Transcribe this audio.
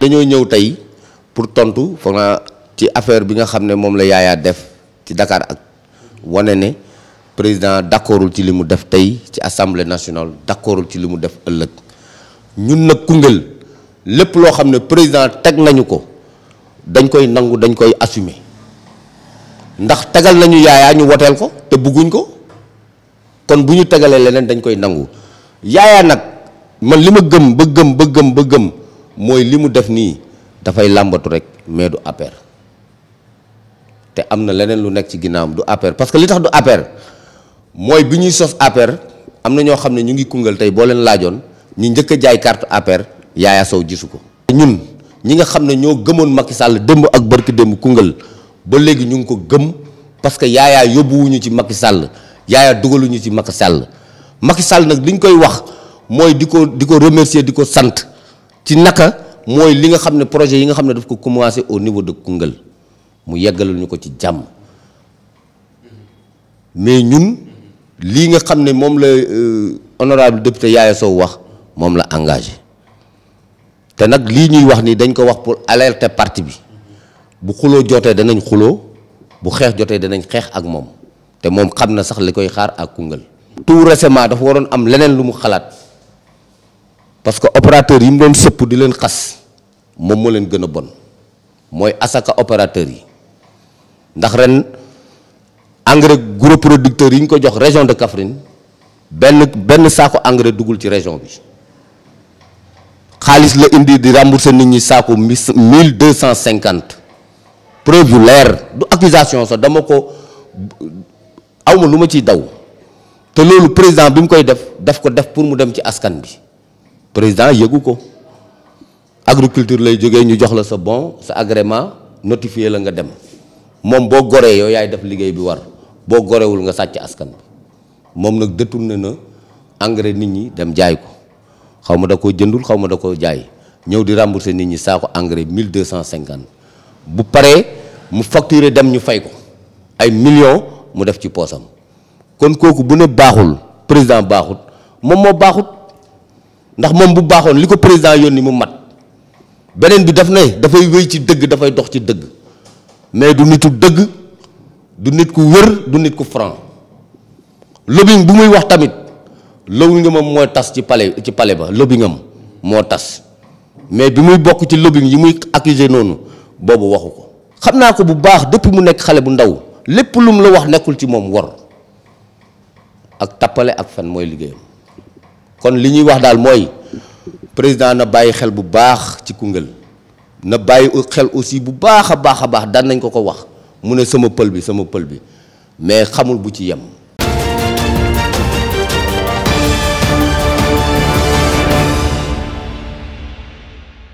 dañoo ñëw tey pour tontu foog naa ci affaire bi nga xam ne moom la yaayaa def ci Dakar ak wane ne président d'accordul ci li mu def tey ci assemblée nationale d'accordul ci li mu def ëllëg ñun nag Koungheul lépp loo xam ne président teg nañu ko dañ koy nangu dañ koy assumer ndax tegal nañu yaayaa ñu woteel ko te bëgguñ ko kon bu ñu tegalee leneen dañ koy nangu yaayaa nag man li ma gëm ba gëm ba gëm ba gëm mooy li mu def nii dafay làmbatu rek mais du APR te am na leneen lu nekk ci ginnaawam du APR parce que li tax du APR mooy bi ñuy sos APR am na ñoo xam ne ñu ngi kungal tey boo leen laajoon ñu njëkk a jaay carte APR Yaaya Sow gisu ko. ñun ñi nga xam ne ñoo gëmoon Macky Sall démb ak barki démb kungal ba léegi ñu ngi ko gëm parce que Yaaya yóbbuwuñu ci Macky Sall Yaaya dugaluñu ci Macky Sall Macky Sall nag liñ koy wax mooy di ko di ko remercier di ko sant. ci naka mooy li nga xam ne projet yi nga xam ne daf ko commencé au niveau de Koungheul mu yeggalul ñu ko ci jàmm mais ñun lii nga xam ne moom la euh, honorable député Yaaya soo wax moom la engagé te nag lii ñuy wax nii dañ ko wax pour alerter parti bi bu xuloo jotee danañ xuloo bu xeex jotee danañ xeex ak moom te moom xam na sax li koy xaar ak Koungheul tout récemment dafa waroon am leneen lu mu xalaat parce que opérateur yi mu doon sëpp di leen xas moom moo leen gën a bon mooy asaka opérateur yi ndax ren engrais gros producteurs yi ñu ko jox région de Kaffrine benn benn saako engrais duggul ci région bi xaalis la indi di rembourser nit ñi saako mille deux cent cinquante preuve yu leer du accusation sax dama ko awma lu ma ciy daw te loolu président bi mu koy def daf ko def pour mu dem ci askan bi président yëgu ko agriculture lay jógee ñu jox la sa bon sa agrément notifié la nga dem moom boo goree yow yaay def liggéey bi war boo gorewul nga sàcc askan bi moom nag détourné na na engrais nit ñi dem jaay ko xaw ma da koo jëndul xaw ma da koo jaay ñëw di rembourser nit ñi saako engrais mille deux cent cinquante bu paree mu facturer dem ñu fay ko ay millions mu def ci poosam kon kooku bu ne baaxul président baaxut moom moo baaxut ndax moom bu baaxoon li ko président yoon ni mu mat beneen bi daf ne dafay wéy ci dëgg dafay dox ci dëgg mais du nitu dëgg du nit ku wër du nit ku franc lobbying bu muy wax tamit lobbying am mooy tas ci palais ci palais ba lobbying moo tas mais bi muy bokk ci lobbying yi muy accusé noonu boobu waxu ko xam naa ko bu baax dëpp mu nekk xale bu ndaw lépp lu mu la wax nekkul ci moom wor ak tappale ak fen mooy liggéeyam kon li ñuy wax daal mooy président na bàyyi xel bu baax ci Koungheul na bàyyi xel aussi bu baax a baax a baax daan nañ ko ko wax mu ne sama pël bi sama pël bi mais xamul bu ci yem